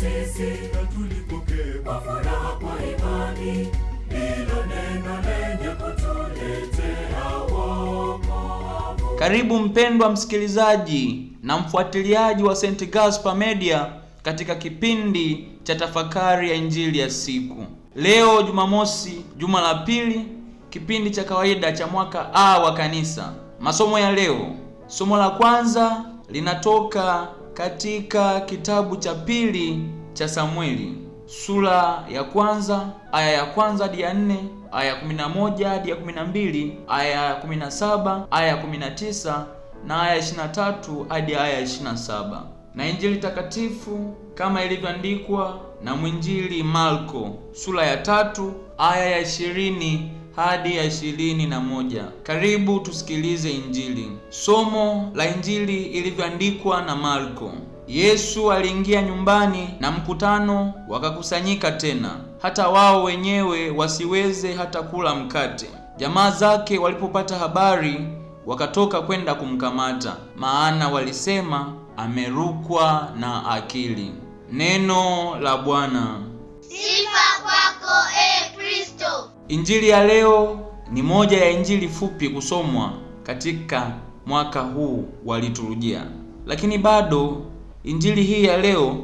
sisi na tulipokee kwa furaha kwa imani hilo neno lenye kutuletea wokovu. Karibu mpendwa msikilizaji na mfuatiliaji wa St. Gaspar Media katika kipindi cha tafakari ya injili ya siku leo, Jumamosi juma la pili, kipindi cha kawaida cha mwaka A wa Kanisa. Masomo ya leo, somo la kwanza linatoka katika kitabu cha pili cha samweli sura ya kwanza aya ya kwanza hadi ya nne aya ya kumi na moja hadi ya kumi na mbili aya ya kumi na saba aya ya kumi na tisa na aya ya ishirini na tatu hadi aya ya ishirini na saba na Injili takatifu kama ilivyoandikwa na mwinjili Marko sura ya tatu aya ya ishirini hadi ya ishirini na moja. Karibu tusikilize Injili. Somo la Injili ilivyoandikwa na Marko. Yesu aliingia nyumbani na mkutano wakakusanyika tena, hata wao wenyewe wasiweze hata kula mkate. Jamaa zake walipopata habari, wakatoka kwenda kumkamata, maana walisema amerukwa na akili. Neno la Bwana. Injili ya leo ni moja ya injili fupi kusomwa katika mwaka huu wa liturujia, lakini bado injili hii ya leo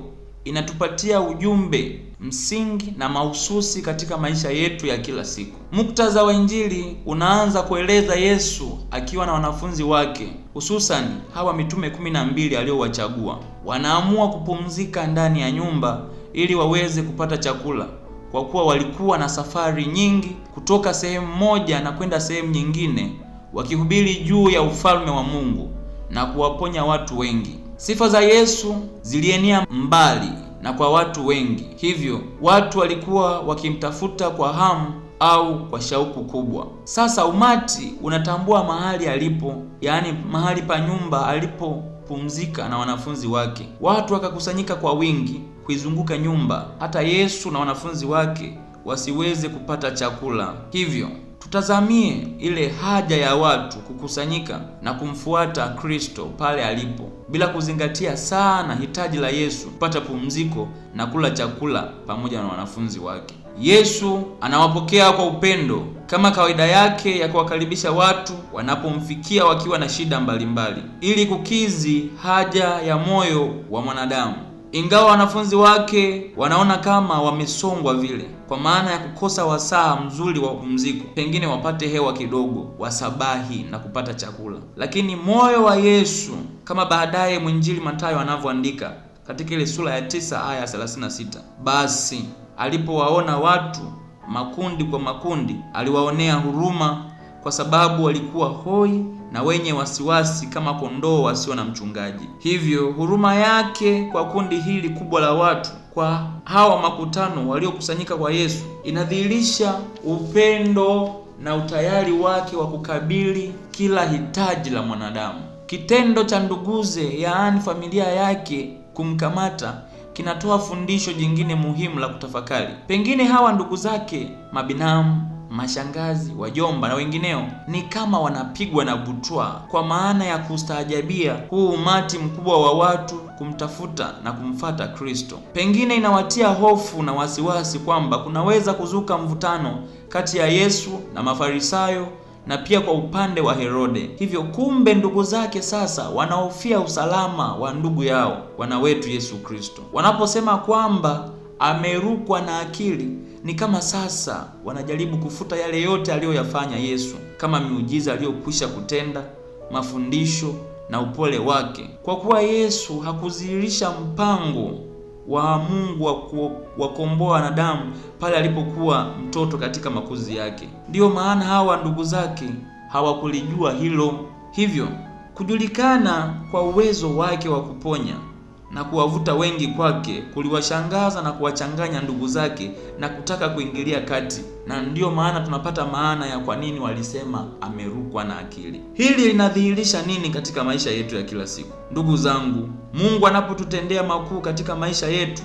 inatupatia ujumbe msingi na mahususi katika maisha yetu ya kila siku. Muktadha wa injili unaanza kueleza Yesu akiwa na wanafunzi wake, hususani hawa mitume kumi na mbili aliowachagua. Wanaamua kupumzika ndani ya nyumba ili waweze kupata chakula kwa kuwa walikuwa na safari nyingi kutoka sehemu moja na kwenda sehemu nyingine, wakihubiri juu ya ufalme wa Mungu na kuwaponya watu wengi. Sifa za Yesu zilienea mbali na kwa watu wengi, hivyo watu walikuwa wakimtafuta kwa hamu au kwa shauku kubwa. Sasa umati unatambua mahali alipo, yaani mahali pa nyumba alipopumzika na wanafunzi wake. Watu wakakusanyika kwa wingi kuizunguka nyumba, hata Yesu na wanafunzi wake wasiweze kupata chakula. Hivyo tutazamie ile haja ya watu kukusanyika na kumfuata Kristo pale alipo, bila kuzingatia sana hitaji la Yesu kupata pumziko na kula chakula pamoja na wanafunzi wake. Yesu anawapokea kwa upendo kama kawaida yake ya kuwakaribisha watu wanapomfikia wakiwa na shida mbalimbali, ili kukizi haja ya moyo wa mwanadamu ingawa wanafunzi wake wanaona kama wamesongwa vile, kwa maana ya kukosa wasaa mzuri wa pumziko, pengine wapate hewa kidogo, wasabahi na kupata chakula. Lakini moyo wa Yesu, kama baadaye mwinjili Mathayo anavyoandika katika ile sura ya tisa aya 36, basi alipowaona watu makundi kwa makundi, aliwaonea huruma kwa sababu walikuwa hoi na wenye wasiwasi kama kondoo wasio na mchungaji. Hivyo huruma yake kwa kundi hili kubwa la watu, kwa hawa makutano waliokusanyika kwa Yesu, inadhihirisha upendo na utayari wake wa kukabili kila hitaji la mwanadamu. Kitendo cha nduguze, yaani familia yake, kumkamata kinatoa fundisho jingine muhimu la kutafakari. Pengine hawa ndugu zake mabinamu mashangazi, wajomba na wengineo ni kama wanapigwa na butwa, kwa maana ya kustaajabia huu umati mkubwa wa watu kumtafuta na kumfata Kristo. Pengine inawatia hofu na wasiwasi kwamba kunaweza kuzuka mvutano kati ya Yesu na Mafarisayo na pia kwa upande wa Herode. Hivyo kumbe, ndugu zake sasa wanahofia usalama wa ndugu yao Bwana wetu Yesu Kristo wanaposema kwamba amerukwa na akili. Ni kama sasa wanajaribu kufuta yale yote aliyoyafanya Yesu, kama miujiza aliyokwisha kutenda, mafundisho na upole wake. Kwa kuwa Yesu hakudhihirisha mpango wa Mungu wa kuwakomboa wanadamu pale alipokuwa mtoto katika makuzi yake, ndiyo maana hawa ndugu zake hawakulijua hilo. Hivyo kujulikana kwa uwezo wake wa kuponya na kuwavuta wengi kwake kuliwashangaza na kuwachanganya ndugu zake na kutaka kuingilia kati, na ndiyo maana tunapata maana ya kwa nini walisema amerukwa na akili. Hili linadhihirisha nini katika maisha yetu ya kila siku? Ndugu zangu, Mungu anapotutendea makuu katika maisha yetu,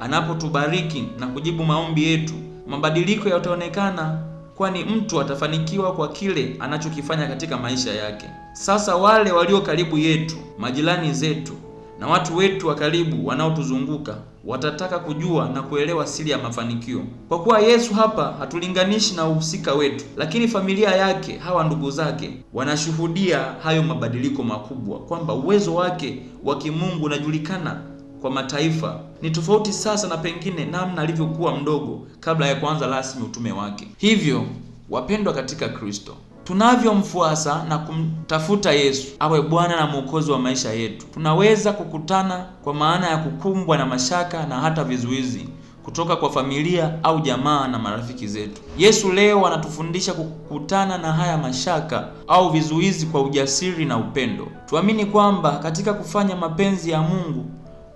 anapotubariki na kujibu maombi yetu, mabadiliko yataonekana, kwani mtu atafanikiwa kwa kile anachokifanya katika maisha yake. Sasa wale walio karibu yetu, majirani zetu na watu wetu wa karibu wanaotuzunguka watataka kujua na kuelewa siri ya mafanikio. Kwa kuwa Yesu hapa hatulinganishi na uhusika wetu, lakini familia yake, hawa ndugu zake, wanashuhudia hayo mabadiliko makubwa, kwamba uwezo wake wa kimungu unajulikana kwa mataifa. Ni tofauti sasa na pengine namna alivyokuwa mdogo kabla ya kuanza rasmi utume wake. Hivyo wapendwa katika Kristo Tunavyomfuasa na kumtafuta Yesu awe Bwana na Mwokozi wa maisha yetu, tunaweza kukutana kwa maana ya kukumbwa na mashaka na hata vizuizi kutoka kwa familia au jamaa na marafiki zetu. Yesu leo anatufundisha kukutana na haya mashaka au vizuizi kwa ujasiri na upendo. Tuamini kwamba katika kufanya mapenzi ya Mungu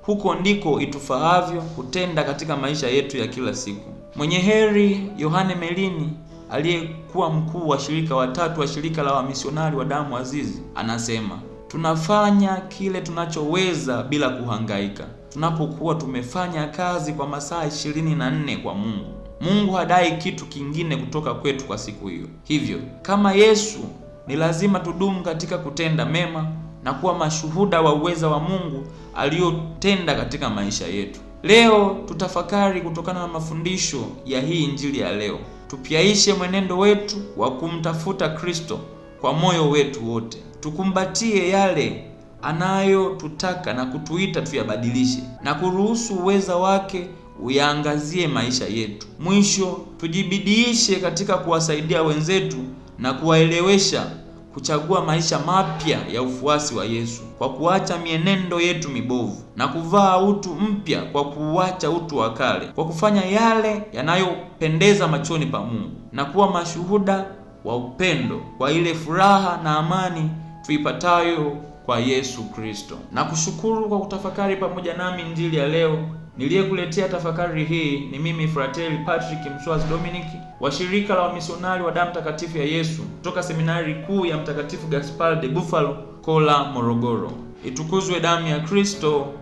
huko ndiko itufahavyo kutenda katika maisha yetu ya kila siku. Mwenye heri Yohane Melini aliyekuwa mkuu wa shirika watatu wa shirika la wamisionari wa damu azizi anasema, tunafanya kile tunachoweza bila kuhangaika. Tunapokuwa tumefanya kazi kwa masaa ishirini na nne kwa Mungu, Mungu hadai kitu kingine kutoka kwetu kwa siku hiyo. Hivyo kama Yesu, ni lazima tudumu katika kutenda mema na kuwa mashuhuda wa uweza wa Mungu aliyotenda katika maisha yetu. Leo tutafakari kutokana na mafundisho ya hii injili ya leo, tupyaishe mwenendo wetu wa kumtafuta Kristo kwa moyo wetu wote, tukumbatie yale anayotutaka na kutuita tuyabadilishe na kuruhusu uweza wake uyaangazie maisha yetu. Mwisho tujibidiishe katika kuwasaidia wenzetu na kuwaelewesha kuchagua maisha mapya ya ufuasi wa Yesu kwa kuacha mienendo yetu mibovu na kuvaa utu mpya kwa kuacha utu wa kale, kwa kufanya yale yanayopendeza machoni pa Mungu na kuwa mashuhuda wa upendo kwa ile furaha na amani tuipatayo kwa Yesu Kristo. Na kushukuru kwa kutafakari pamoja nami Injili ya leo. Niliyekuletea tafakari hii ni mimi Frateli Patrick Mswazi Dominic wa shirika la wamisionari wa damu takatifu ya Yesu kutoka seminari kuu ya Mtakatifu Gaspar de Buffalo, Kola, Morogoro. Itukuzwe damu ya Kristo!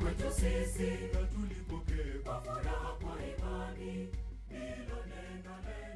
Bwana kwetu sisi, na tulipokee kwa furaha kwa imani, hilo neno